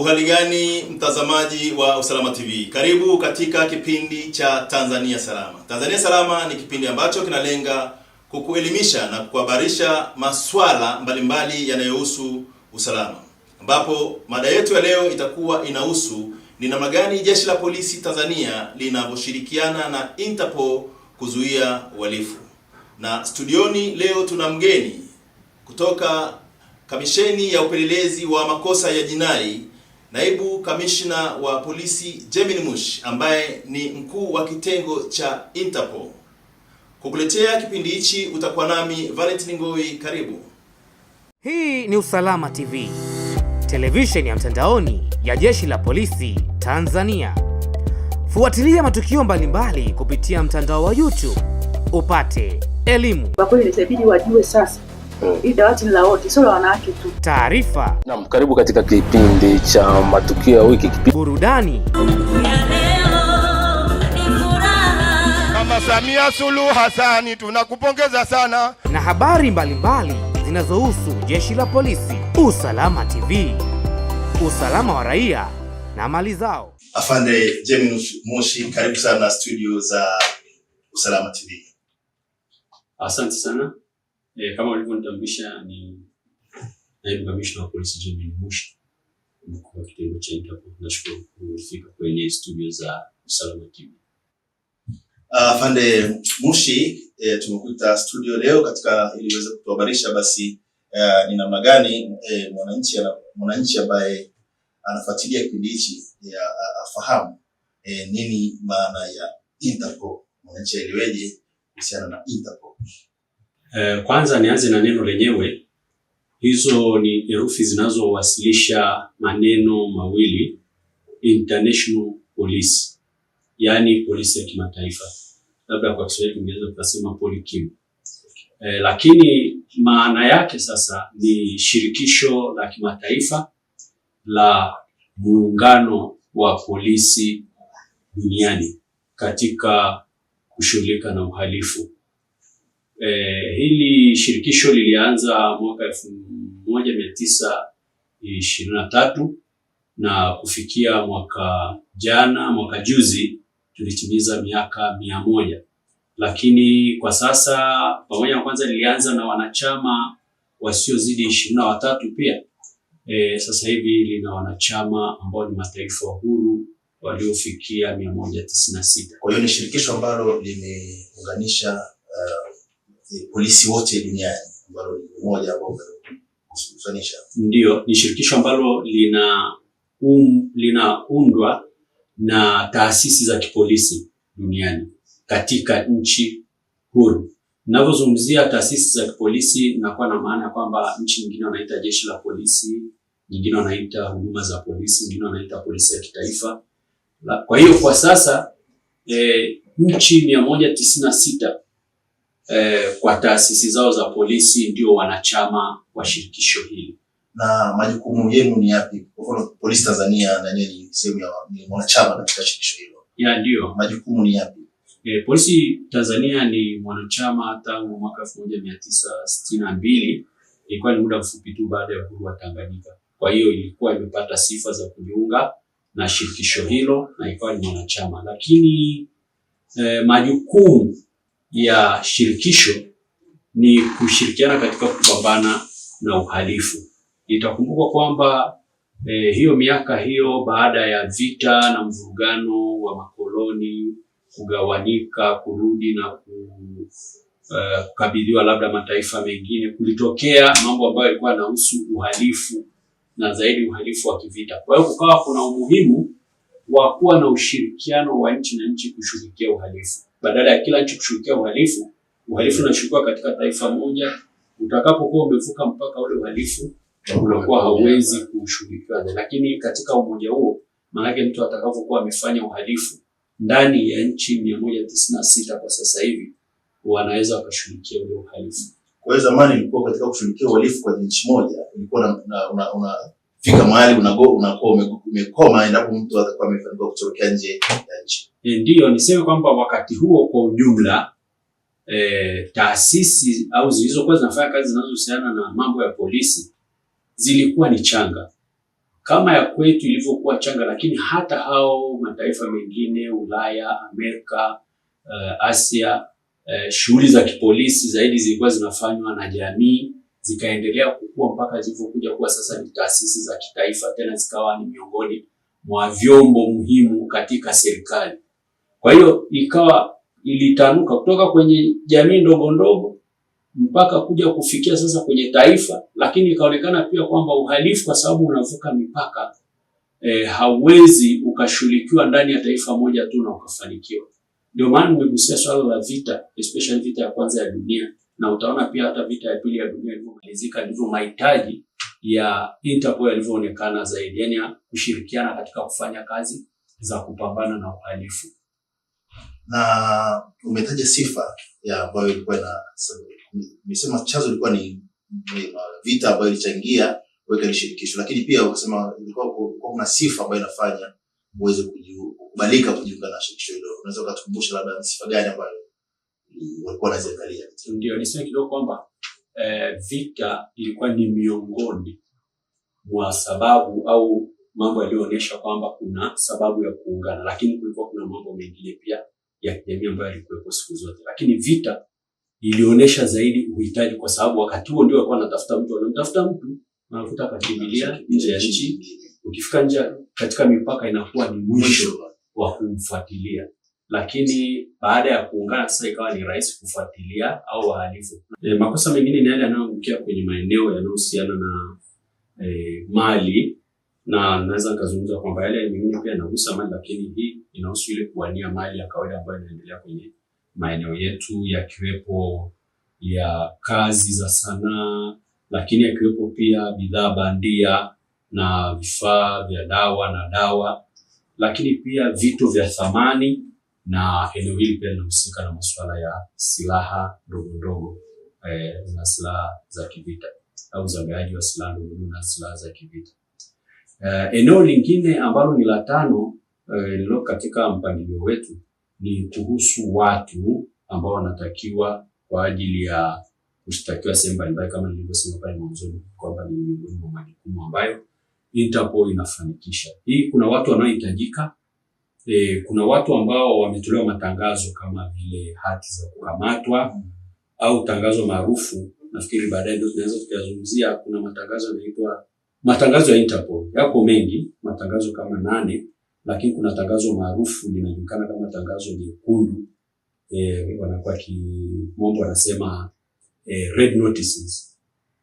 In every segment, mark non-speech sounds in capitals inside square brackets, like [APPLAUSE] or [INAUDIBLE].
Uhali gani mtazamaji wa Usalama TV, karibu katika kipindi cha Tanzania Salama. Tanzania Salama ni kipindi ambacho kinalenga kukuelimisha na kukuhabarisha masuala mbalimbali yanayohusu usalama, ambapo mada yetu ya leo itakuwa inahusu ni namna gani jeshi la polisi Tanzania linavyoshirikiana na Interpol kuzuia uhalifu. Na studioni leo tuna mgeni kutoka Kamisheni ya Upelelezi wa Makosa ya Jinai Naibu kamishna wa polisi Jemini Mush ambaye ni mkuu wa kitengo cha Interpol. Kukuletea kipindi hichi utakuwa nami Valentine Ngoi, karibu. Hii ni Usalama TV, televisheni ya mtandaoni ya jeshi la polisi Tanzania. Fuatilia matukio mbalimbali kupitia mtandao wa YouTube, upate elimu. Kwa kweli itabidi wajue sasa Eh, hii dawati ni la wote, sio la wanawake tu. Taarifa. nam, karibu katika kipindi cha matukio ya wiki, kipindi burudani. Samia Suluhu Hasani, tunakupongeza sana, na habari mbalimbali zinazohusu jeshi la polisi, Usalama TV, usalama wa raia na mali zao. Afande James Moshi, karibu sana studio za Usalama TV. Asante sana. E, kama ulivyonitambulisha ni naibu kamishna wa polisi Jimmy Mhusha, mkuu wa kitengo cha Interpol. Nashukuru kufika kwenye studio za Usalama TV. Ah, afande uh, Mushi e, tumekuita studio leo katika ili uweze kutuhabarisha basi eh, ni namna gani e, mwananchi mwananchi ambaye anafuatilia kipindi hichi afahamu e, nini maana ya Interpol, mwananchi aeleweje kuhusiana na Interpol. Eh, kwanza nianze na neno lenyewe. Hizo ni herufi zinazowasilisha maneno mawili international police, yaani polisi ya kimataifa, labda kwa Kiswahili tungeweza kusema police. Eh, lakini maana yake sasa ni shirikisho la kimataifa la muungano wa polisi duniani katika kushughulika na uhalifu Eh, hili shirikisho lilianza mwaka elfu moja mia tisa ishirini na tatu na kufikia mwaka jana, mwaka juzi tulitimiza miaka mia moja. Lakini kwa sasa, pamoja na kwanza lilianza na wanachama wasiozidi ishirini na watatu pia e, sasa hivi lina wanachama ambao ni mataifa huru waliofikia mia moja tisini na sita. Kwa hiyo ni shirikisho ambalo limeunganisha uh, polisi wote duniani ambalo ni umoja ambao umekusanyisha. Ndio, ni shirikisho ambalo lina um, linaundwa na taasisi za kipolisi duniani katika nchi huru. Ninavyozungumzia taasisi za kipolisi, nakuwa na maana ya kwamba nchi nyingine wanaita jeshi la polisi, nyingine wanaita huduma za polisi, nyingine wanaita polisi ya kitaifa. Kwa hiyo kwa sasa e, nchi mia moja tisini na sita eh, kwa taasisi zao za polisi ndio wanachama wa shirikisho hili. Na majukumu yenu ni yapi? Kwa mfano polisi Tanzania na nini, sehemu ya ni mwanachama katika shirikisho hilo ya ndio majukumu ni yapi? E, polisi Tanzania ni mwanachama tangu mwaka 1962 ilikuwa ni muda mfupi tu baada ya uhuru wa Tanganyika. Kwa hiyo ilikuwa imepata sifa za kujiunga na shirikisho hilo na ikawa ni mwanachama, lakini e, majukumu ya shirikisho ni kushirikiana katika kupambana na uhalifu. Itakumbukwa kwamba eh, hiyo miaka hiyo baada ya vita na mvurugano wa makoloni kugawanika, kurudi na eh, kukabidhiwa uh, labda mataifa mengine, kulitokea mambo ambayo yalikuwa yanahusu uhalifu na zaidi uhalifu wa kivita. Kwa hiyo kukawa kuna umuhimu wa kuwa na ushirikiano wa nchi na nchi kushughulikia uhalifu badala ya kila nchi kushughulikia uhalifu, uhalifu unashughulikiwa katika taifa moja. Utakapokuwa umevuka mpaka ule uhalifu unakuwa hauwezi kushughulikiwa, lakini katika umoja huo, maanake mtu atakapokuwa amefanya uhalifu ndani ya nchi mia moja tisini na sita kwa sasa hivi wanaweza wakashughulikia ule uhalifu. Kwa hiyo zamani ilikuwa katika kushughulikia uhalifu kwa nchi moja ilikuwa na, fika mahali unakuwa umekoma endapo mtu atakuwa amefanikiwa kutorokea nje ya nchi. E, ndiyo niseme kwamba wakati huo kwa ujumla e, taasisi au zilizokuwa zinafanya kazi zinazohusiana na mambo ya polisi zilikuwa ni changa kama ya kwetu ilivyokuwa changa, lakini hata hao mataifa mengine Ulaya, Amerika, uh, Asia, uh, shughuli za kipolisi zaidi zilikuwa zinafanywa na jamii, zikaendelea kukua mpaka zilivyokuja kuwa sasa ni taasisi za kitaifa, tena zikawa ni miongoni mwa vyombo muhimu katika serikali. Kwa hiyo ikawa ilitanuka kutoka kwenye jamii ndogo ndogo mpaka kuja kufikia sasa kwenye taifa, lakini ikaonekana pia kwamba uhalifu kwa sababu unavuka mipaka e, hauwezi ukashughulikiwa ndani ya taifa moja tu na ukafanikiwa. Ndio maana nimegusia swala la vita, especially vita ya kwanza ya dunia, na utaona pia hata vita ya pili ya dunia ilivyomalizika, ndivyo mahitaji ya Interpol yalivyoonekana zaidi, yani kushirikiana katika kufanya kazi za kupambana na uhalifu na umetaja sifa ya ambayo ilikuwa na umesema chazo ilikuwa ni vita ambayo ilichangia kuweka ile shirikisho, lakini pia ukasema ilikuwa kuna sifa ambayo inafanya uweze kukubalika kujiunga na shirikisho hilo. Unaweza ukatukumbusha labda sifa gani ambayo walikuwa wanaziangalia? Ndio niseme kidogo kwamba eh, vita ilikuwa ni miongoni mwa sababu au mambo yaliyoonyesha kwamba kuna sababu ya kuungana, lakini kulikuwa kuna mambo mengine pia ya jamii ambayo alikuwepo siku zote, lakini vita ilionyesha zaidi uhitaji, kwa sababu wakati huo ndio walikuwa wanatafuta mtu, wanamtafuta mtu wanakuta akakimbilia nje ya nchi. Ukifika nje katika mipaka inakuwa ni mwisho wa kumfuatilia, lakini baada ya kuungana sasa ikawa ni rahisi kufuatilia au wahalifu. E, makosa mengine ni yale yanayoangukia kwenye maeneo yanayohusiana na e, mali na naweza nikazungumza kwamba yale mengine pia yanagusa mali, lakini hii inahusu ile kuwania mali ya kawaida ambayo inaendelea kwenye maeneo yetu, yakiwepo ya kazi za sanaa, lakini yakiwepo pia bidhaa bandia na vifaa vya dawa na dawa, lakini pia vitu vya thamani, na eneo hili pia linahusika na masuala ya silaha ndogo ndogo eh, na silaha za kivita au uzambeaji wa silaha ndogo na silaha za kivita. Uh, eneo lingine ambalo ni la tano eh, lililo uh, katika mpangilio wetu ni kuhusu watu ambao wanatakiwa kwa ajili ya kushtakiwa sehemu mbalimbali, kama nilivyosema pale mwanzoni kwamba ni miongoni mwa majukumu ambayo Interpol inafanikisha. Hii kuna watu wanaohitajika e, kuna watu ambao wametolewa matangazo kama vile hati za kukamatwa mm, au tangazo maarufu, nafikiri baadaye ndio tunaweza tukazungumzia. Kuna matangazo yanaitwa Matangazo ya Interpol yako mengi, matangazo kama nane, lakini kuna tangazo maarufu linajulikana kama tangazo jekundu, eh, wanakuwa kimombo wanasema eh, red notices.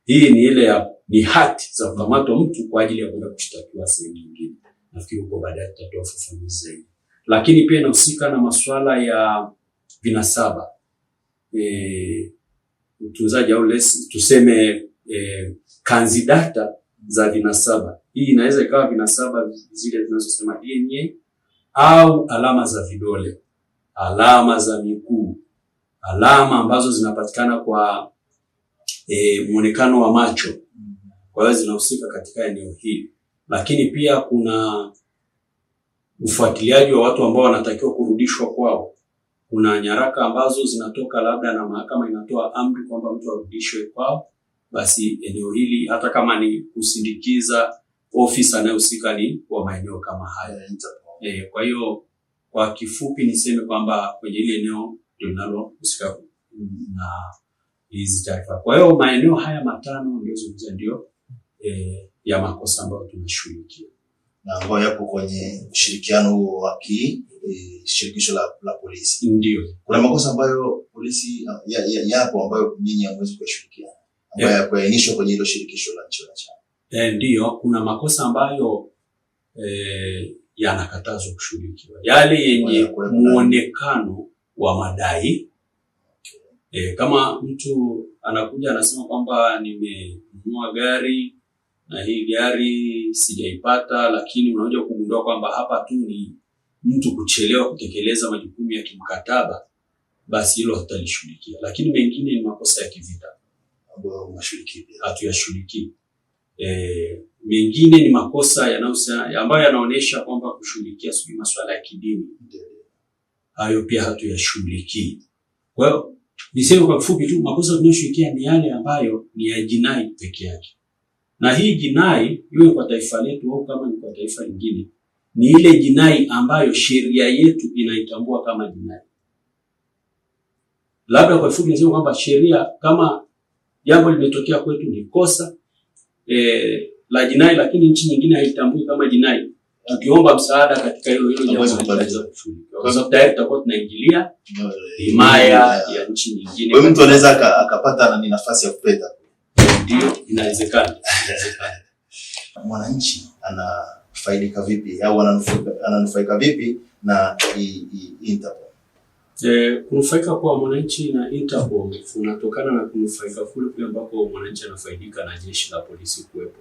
Hii ni ile ya ni hati za kukamatwa mtu kwa ajili ya kwenda kushtakiwa sehemu nyingine. Nafikiri huko baadaye tutatoa ufafanuzi zaidi, lakini pia inahusika na masuala ya vinasaba eh, utunzaji au tuseme eh, kanzidata za vinasaba. Hii inaweza ikawa vinasaba zile tunazosema DNA au alama za vidole, alama za miguu, alama ambazo zinapatikana kwa e, mwonekano wa macho. Kwa hiyo zinahusika katika eneo hili, lakini pia kuna ufuatiliaji wa watu ambao wanatakiwa kurudishwa kwao. Kuna nyaraka ambazo zinatoka labda na mahakama inatoa amri kwamba mtu arudishwe kwao basi eneo hili hata kama ni kusindikiza ofisi anayohusika ni kwa maeneo kama haya eh, e. Eh, kwa hiyo kwa kifupi niseme kwamba kwenye ile eneo ndio linalohusika na hizi taarifa. Kwa hiyo maeneo haya matano niliozungumza ndio e, ya makosa ambayo tunashughulikia na ambayo yapo kwenye ushirikiano huo wa ki shirikisho la, la polisi. Ndio kuna makosa ambayo polisi yapo ya, ya, ambayo nyinyi hamwezi kuyashughulikia ambayo yeah, yakuainishwa kwenye hilo shirikisho la nchi wanachama. Eh, ndiyo, kuna makosa ambayo eh, yanakatazwa kushughulikiwa, yale yenye muonekano wa madai E, kama mtu anakuja anasema kwamba nimenunua gari na hii gari sijaipata, lakini unakuja kugundua kwamba hapa tu ni mtu kuchelewa kutekeleza majukumu ya kimkataba, basi hilo hatalishughulikia. lakini mengine ni makosa ya kivita ambayo hatuyashughulikii. E, mengine ni makosa yanayohusiana ambayo yanaonyesha kwamba kushughulikia sijui masuala ya kidini, hayo pia hatuyashughulikii. Kwa hiyo niseme kwa kifupi tu, makosa tunayoshughulikia ni yale ambayo ni ya jinai peke yake, na hii jinai iwe kwa taifa letu au kama ni kwa taifa lingine, ni ile jinai ambayo sheria yetu inaitambua kama jinai. Labda kwa kifupi niseme kwamba sheria kama jambo limetokea kwetu ni kosa e, la jinai, lakini nchi nyingine haitambui kama jinai, tukiomba msaada katika hilo hilo jambo kwa sababu tayari tutakuwa tunaingilia himaya ya nchi nyingine. Kwa mtu anaweza akapata na nafasi ya kupeta, ndio inawezekana. [LAUGHS] Mwananchi anafaidika vipi au ananufaika vipi na Interpol? E, kunufaika kwa mwananchi na Interpol unatokana na kunufaika kule kule ambapo mwananchi anafaidika na jeshi la polisi kuwepo.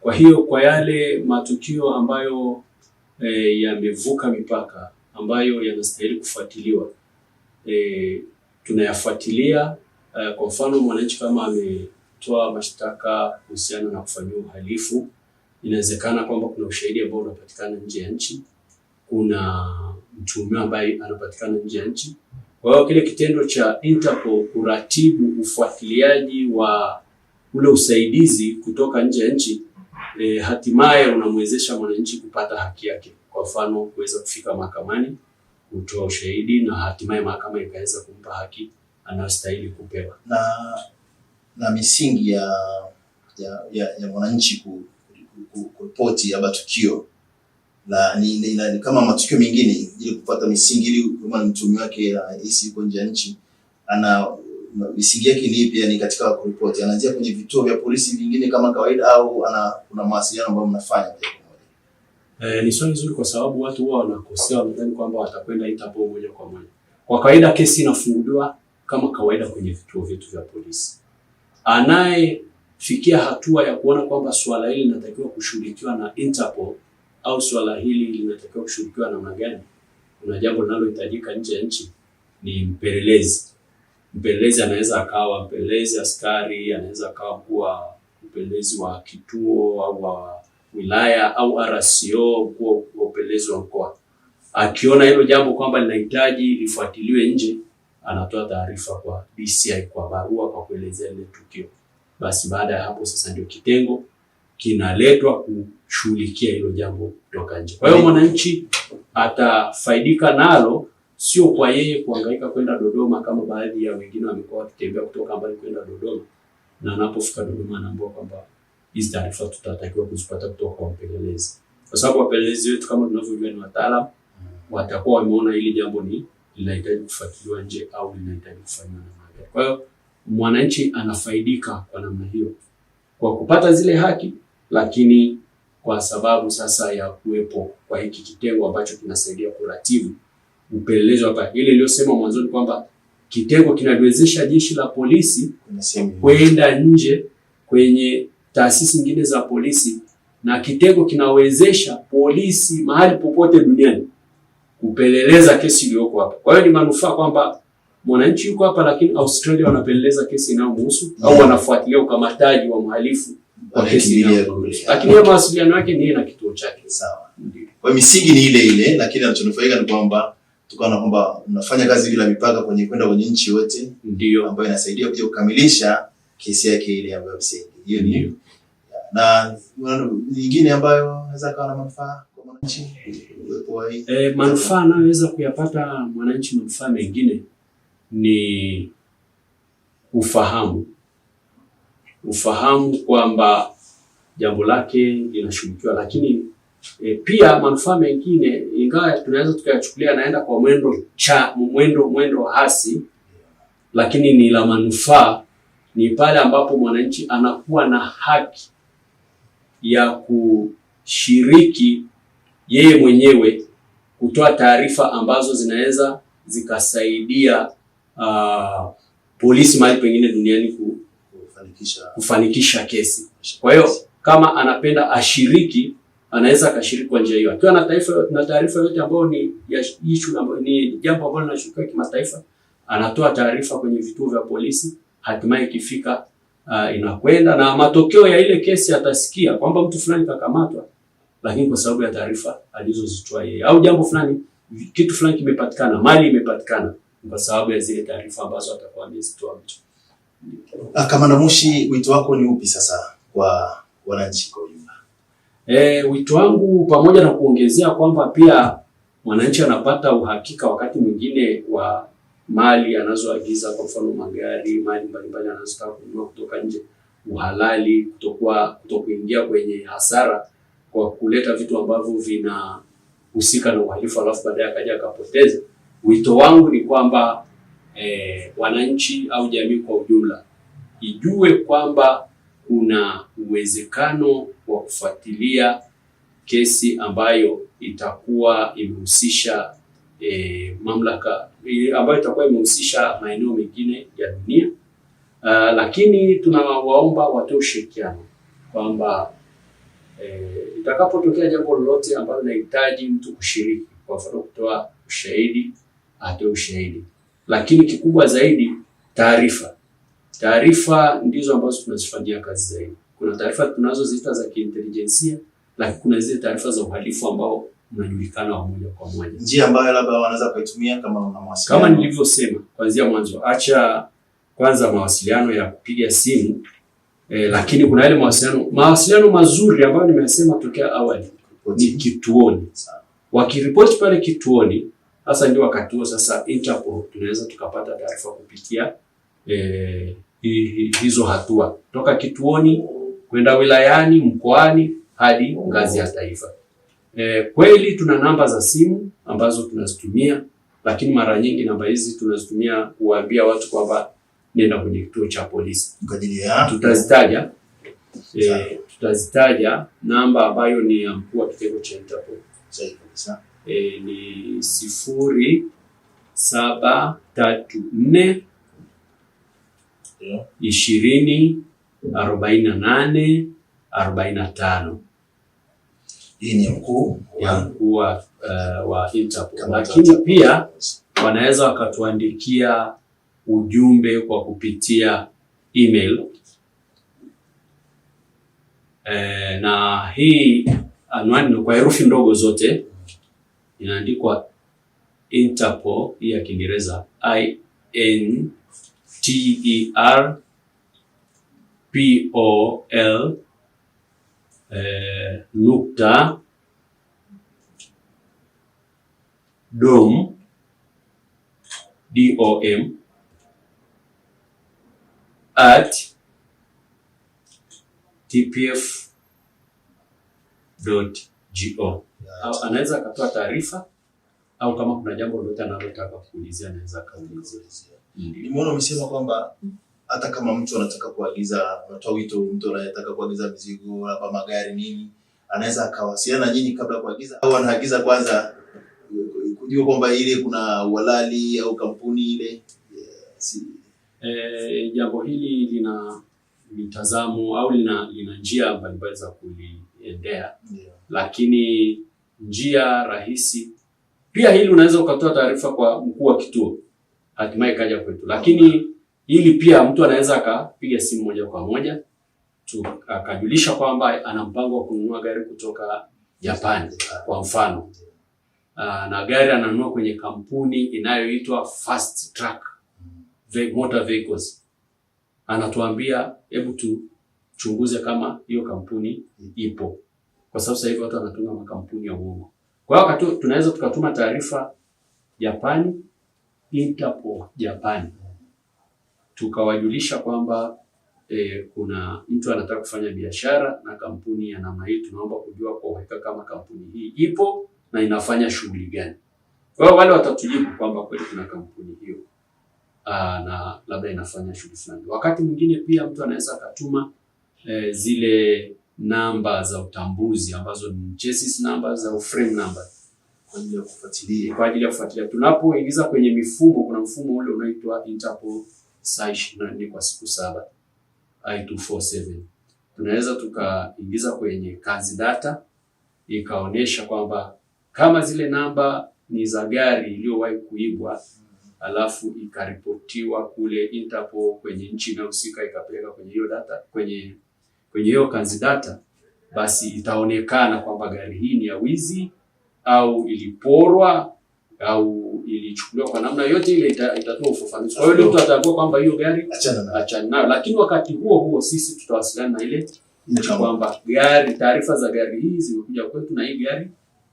Kwa hiyo kwa yale matukio ambayo e, yamevuka mipaka ambayo yanastahili kufuatiliwa e, tunayafuatilia. E, kwa mfano mwananchi kama ametoa mashtaka kuhusiana na kufanyia uhalifu, inawezekana kwamba kuna ushahidi ambao unapatikana nje ya nchi, kuna mtuhumiwa ambaye anapatikana nje ya nchi. Kwa hiyo kile kitendo cha Interpol kuratibu ufuatiliaji wa ule usaidizi kutoka nje ya nchi e, hatimaye unamwezesha mwananchi kupata haki yake, kwa mfano kuweza kufika mahakamani kutoa ushahidi na hatimaye mahakama ikaweza kumpa haki anayostahili kupewa na, na misingi ya ya, ya, ya mwananchi kuripoti ku, ku, ku, ku, ku, ku, ku, ku, na ni, ni, ni, kama matukio mengine ili kupata misingi, ili kama mtumi wake hisi ah, yuko nje ya nchi, ana misingi yake ni ipi? Yani katika report anaanzia kwenye vituo vya polisi vingine kama kawaida, au ana kuna mawasiliano ambayo mnafanya? Eh, ni swali zuri kwa sababu watu huwa wanakosea, wanadhani kwamba watakwenda Interpol moja kwa moja. Kwa kawaida kesi inafunguliwa kama kawaida kwenye vituo vyetu vya polisi. Anayefikia hatua ya kuona kwamba swala hili linatakiwa kushughulikiwa na Interpol au swala hili linatakiwa kushughulikiwa namna gani? Kuna jambo linalohitajika nje ya nchi, ni mpelelezi. Mpelelezi anaweza akawa mpelelezi askari, anaweza akawa kuwa mpelelezi wa kituo au wa wilaya au RCO, mkuu upelelezi wa mkoa. Akiona hilo jambo kwamba linahitaji lifuatiliwe nje, anatoa taarifa kwa DCI kwa barua, kwa kuelezea ile tukio. Basi baada ya hapo sasa ndio kitengo kinaletwa ku kushughulikia hilo jambo kutoka nje. Kwa hiyo mwananchi atafaidika nalo, sio kwa yeye kuhangaika kwenda Dodoma kama baadhi ya wengine wamekuwa wakitembea kutoka mbali kwenda Dodoma, na anapofika Dodoma anaambiwa kwamba hizi taarifa tutatakiwa kuzipata kutoka kwa mpelelezi, kwa sababu wapelelezi wetu kama tunavyojua ni wataalam, watakuwa wameona hili jambo ni linahitaji kufuatiliwa nje au linahitaji kufanywa namna gani. Kwa hiyo mwananchi anafaidika kwa namna hiyo kwa kupata zile haki, lakini kwa sababu sasa ya kuwepo kwa hiki kitengo ambacho kinasaidia kuratibu upelelezi hapa. Ile iliyosema mwanzoni kwamba kitengo kinaliwezesha jeshi la polisi kwenda nje kwenye taasisi nyingine za polisi, na kitengo kinawezesha polisi mahali popote duniani kupeleleza kesi iliyoko hapa. Kwa hiyo ni manufaa kwamba mwananchi yuko hapa, lakini Australia wanapeleleza kesi inayomhusu au wanafuatilia ukamataji wa mhalifu lakini mawasiliano yake ni na kituo chake. Sawa, kwa misingi ni ile ile, lakini anachonufaika ni kwamba tukaona kwamba mnafanya kazi bila mipaka kwenye kwenda kwenye nchi yote, ndio ambayo inasaidia kuja kukamilisha kesi yake ile ambayo msingi hiyo ni na nyingine ambayo inaweza kuwa na manufaa kwa mwananchi. eh, manufaa anayoweza kuyapata mwananchi, manufaa mengine ni ufahamu ufahamu kwamba jambo lake linashughulikiwa, lakini e, pia manufaa mengine ingawa tunaweza tukayachukulia anaenda kwa mwendo cha mwendo mwendo hasi, lakini ni la manufaa, ni pale ambapo mwananchi anakuwa na haki ya kushiriki yeye mwenyewe kutoa taarifa ambazo zinaweza zikasaidia uh, polisi mahali pengine duniani ku kufanikisha kesi. Kwa hiyo kama anapenda ashiriki, anaweza akashiriki kwa njia hiyo, akiwa na taarifa yote ambayo ni ni jambo ambalo linashukiwa kimataifa, anatoa taarifa kwenye vituo vya polisi, hatimaye ikifika uh, inakwenda na matokeo ya ile kesi atasikia kwamba mtu fulani kakamatwa, lakini kwa sababu ya taarifa alizozitoa yeye, au jambo fulani, kitu fulani kimepatikana, mali imepatikana, kwa sababu ya zile taarifa ambazo atakuwa amezitoa mtu. Ah, Kamanda Mushi, wito wako ni upi sasa kwa wananchi kwa ujumla? Eh, wito wangu pamoja na kuongezea kwamba pia mwananchi anapata uhakika wakati mwingine wa mali anazoagiza, kwa mfano magari, mali mbalimbali anazotaka kununua kutoka nje, uhalali, kutokuwa kutokuingia kwenye hasara kwa kuleta vitu ambavyo vinahusika na uhalifu alafu baadaye akaja akapoteza. Wito wangu ni kwamba eh, wananchi au jamii kwa ujumla ijue kwamba kuna uwezekano wa kufuatilia kesi ambayo itakuwa imehusisha e, mamlaka ambayo itakuwa imehusisha maeneo mengine ya dunia. Uh, lakini tunawaomba watoe ushirikiano kwamba e, itakapotokea jambo lolote ambalo linahitaji mtu kushiriki, kwa mfano kutoa ushahidi, atoe ushahidi lakini kikubwa zaidi taarifa. Taarifa ndizo ambazo tunazifanyia kazi zaidi. Kuna taarifa tunazoziita za kiintelijensia, lakini kuna zile taarifa za uhalifu ambao unajulikana wa moja kwa moja, njia ambayo labda wanaweza kuitumia kama una mawasiliano, kama nilivyosema kuanzia mwanzo, acha kwanza mawasiliano ya kupiga simu eh, lakini kuna yale mawasiliano mawasiliano mazuri ambayo nimesema tokea awali ni kituoni, wakiripoti pale kituoni sasa ndio wakati huo sasa Interpol tunaweza tukapata taarifa kupitia eh, hizo hatua toka kituoni kwenda wilayani, mkoani hadi ngazi ya taifa. E, kweli tuna namba za simu ambazo tunazitumia, lakini mara nyingi namba hizi tunazitumia kuwaambia watu kwamba nenda kwenye kituo cha polisi. Tutazitaja eh, tutazitaja namba ambayo ni ya mkuu wa kitengo cha Interpol e, ni sifuri saba tatu nne ishirini arobaini na nane arobaini na tano. Hii ni mkuu wa, uh, wa Interpol, lakini pia wanaweza wakatuandikia ujumbe kwa kupitia email e, na hii anwani kwa herufi ndogo zote inaandikwa Interpol, ya Kiingereza I N T E R P O L eh, nukta dom D O M at tpf.go anaweza akatoa taarifa au kama kuna jambo lolote analotaka kuulizia anaweza akaulizia. Nimeona umesema kwamba hata kama mtu anataka kuagiza, unatoa wito, mtu anataka kuagiza mizigo labda magari nini, anaweza akawasiliana nyinyi kabla ya kuagiza au anaagiza kwanza kujua kwamba ile kuna uhalali au kampuni ile? Yes. E, jambo hili lina mitazamo au lina, lina njia mbalimbali za kuliendea, yeah. Lakini njia rahisi. Pia hili unaweza ukatoa taarifa kwa mkuu wa kituo, hatimaye kaja kwetu. Lakini hili pia mtu anaweza akapiga simu moja kwa moja akajulisha kwamba ana mpango wa kununua gari kutoka Japani kwa mfano, ah, na gari ananunua kwenye kampuni inayoitwa Fast Track Motor Vehicles. Anatuambia hebu tuchunguze kama hiyo kampuni ipo kwa sababu sasa hivi watu wanatunga makampuni ya uongo. Kwa hiyo tunaweza tukatuma taarifa Japani, Interpol Japani, tukawajulisha kwamba e, kuna mtu anataka kufanya biashara na kampuni ya namna hii, tunaomba kujua kwa uhakika kama kampuni hii ipo na inafanya shughuli gani. Kwa hiyo wale watatujibu kwamba kweli kuna kampuni hiyo Aa, ah, na labda inafanya shughuli fulani. Wakati mwingine pia mtu anaweza akatuma e, zile namba za utambuzi ambazo ni chassis numbers au frame number kwa ajili ya kufuatilia kwa ajili ya kufuatilia. Tunapoingiza kwenye mifumo, kuna mfumo ule unaitwa Interpol saa 24 kwa siku saba I247 tunaweza tukaingiza kwenye kazi data ikaonyesha kwamba kama zile namba ni za gari iliyowahi kuibwa, alafu ikaripotiwa kule Interpol kwenye nchi inayohusika, ikapeleka kwenye hiyo data kwenye kwenye hiyo kanzi data, basi itaonekana kwamba gari hii ni ya wizi au iliporwa au ilichukuliwa kwa namna yote ile, itatoa ufafanuzi. Kwa hiyo mtu atakuwa kwamba hiyo gari achana nayo, lakini wakati huo huo sisi tutawasiliana na ile kwamba gari, taarifa za gari hii zimekuja kwetu na hii gari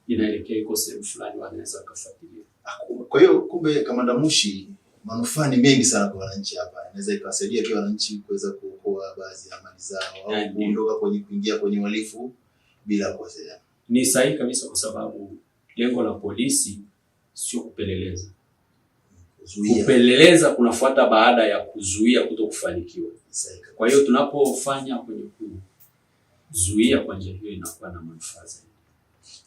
inaelekea iko sehemu fulani, wanaweza kufuatilia. Ah, kwa hiyo kumbe, Kamanda Mushi, manufaa ni mengi sana kwa wananchi hapa, inaweza ikawasaidia pia wananchi kuweza ku kuokoa baadhi ya mali zao au yaani kuondoka kwenye kuingia kwenye uhalifu bila kukosea. Ni sahihi kabisa, kwa sababu lengo la polisi sio kupeleleza. Kuzuia. Kupeleleza kunafuata baada ya kuzuia kuto kufanikiwa. Kwa hiyo tunapofanya kwenye kuzuia kwa njia hiyo inakuwa na manufaa zaidi.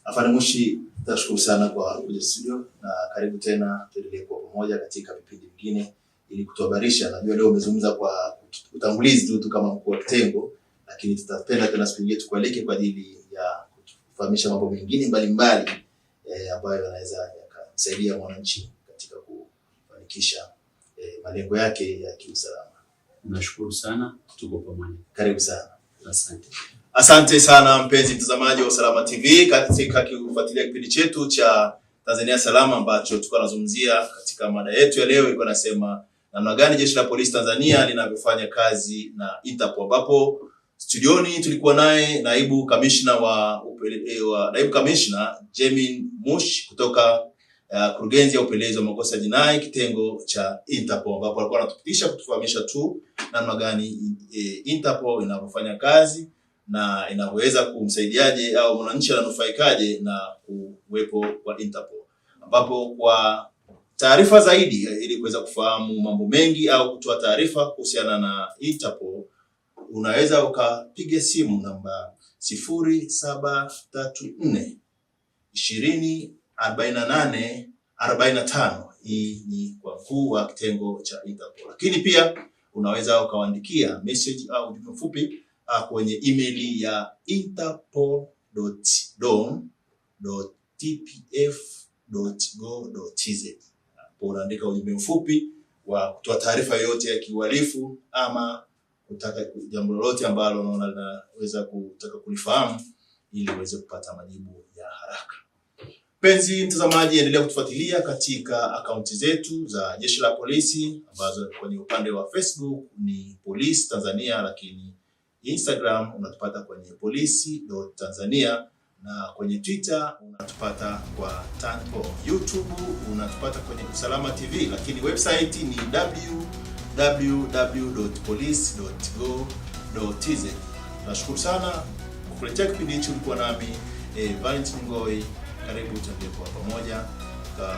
Afande Mushi, tashukuru sana kwa kuja studio na karibu tena, tuendelee kwa pamoja katika vipindi vingine ili kutuhabarisha. Najua leo umezungumza kwa utangulizi tu kama mkuu wa kitengo, lakini tutapenda tena siku nyingine tukualike kwa ajili ya kufahamisha mambo mengine mbalimbali eh, ambayo yanaweza yakamsaidia mwananchi katika kufanikisha eh, malengo yake ya kiusalama. Nashukuru sana, tuko pamoja. Karibu sana, asante. Asante sana mpenzi mtazamaji wa Usalama TV katika kufuatilia kipindi chetu cha Tanzania Salama ambacho tulikuwa tunazungumzia katika mada yetu ya leo, ilikuwa nasema namna gani jeshi la polisi Tanzania linavyofanya kazi na Interpol, ambapo studioni tulikuwa naye naibu kamishna wa, eh, wa naibu kamishna Jemin Mush kutoka uh, kurugenzi ya upelelezi wa makosa jinai kitengo cha Interpol, ambapo alikuwa anatupitisha kutufahamisha tu namna gani e, Interpol inavyofanya kazi na inavyoweza kumsaidiaje au mwananchi ananufaikaje na kuwepo kwa Interpol ambapo kwa taarifa zaidi eh, ili kuweza kufahamu mambo mengi au kutoa taarifa kuhusiana na Interpol, unaweza ukapiga simu namba 0734 saba Hii ni kwa mkuu wa kitengo cha Interpol, lakini pia unaweza ukawaandikia message au ujumbe mfupi ah, kwenye email ya interpol.dom.tpf.go.tz unaandika ujumbe mfupi wa kutoa taarifa yoyote ya kiuhalifu ama kutaka jambo lolote ambalo unaona linaweza kutaka kulifahamu ili uweze kupata majibu ya haraka. Mpenzi mtazamaji, endelea kutufuatilia katika akaunti zetu za Jeshi la Polisi ambazo kwenye upande wa Facebook ni Polisi Tanzania, lakini Instagram unatupata kwenye polisi.tanzania na kwenye Twitter unatupata kwa Tanpo, YouTube unatupata kwenye Usalama TV, lakini website ni www.police.go.tz. Nashukuru sana kukuletea kipindi hichi, ulikuwa nami eh, Valentine Ngoi. Karibu tuendelee kwa pamoja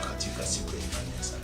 katika siku ya Jumanne.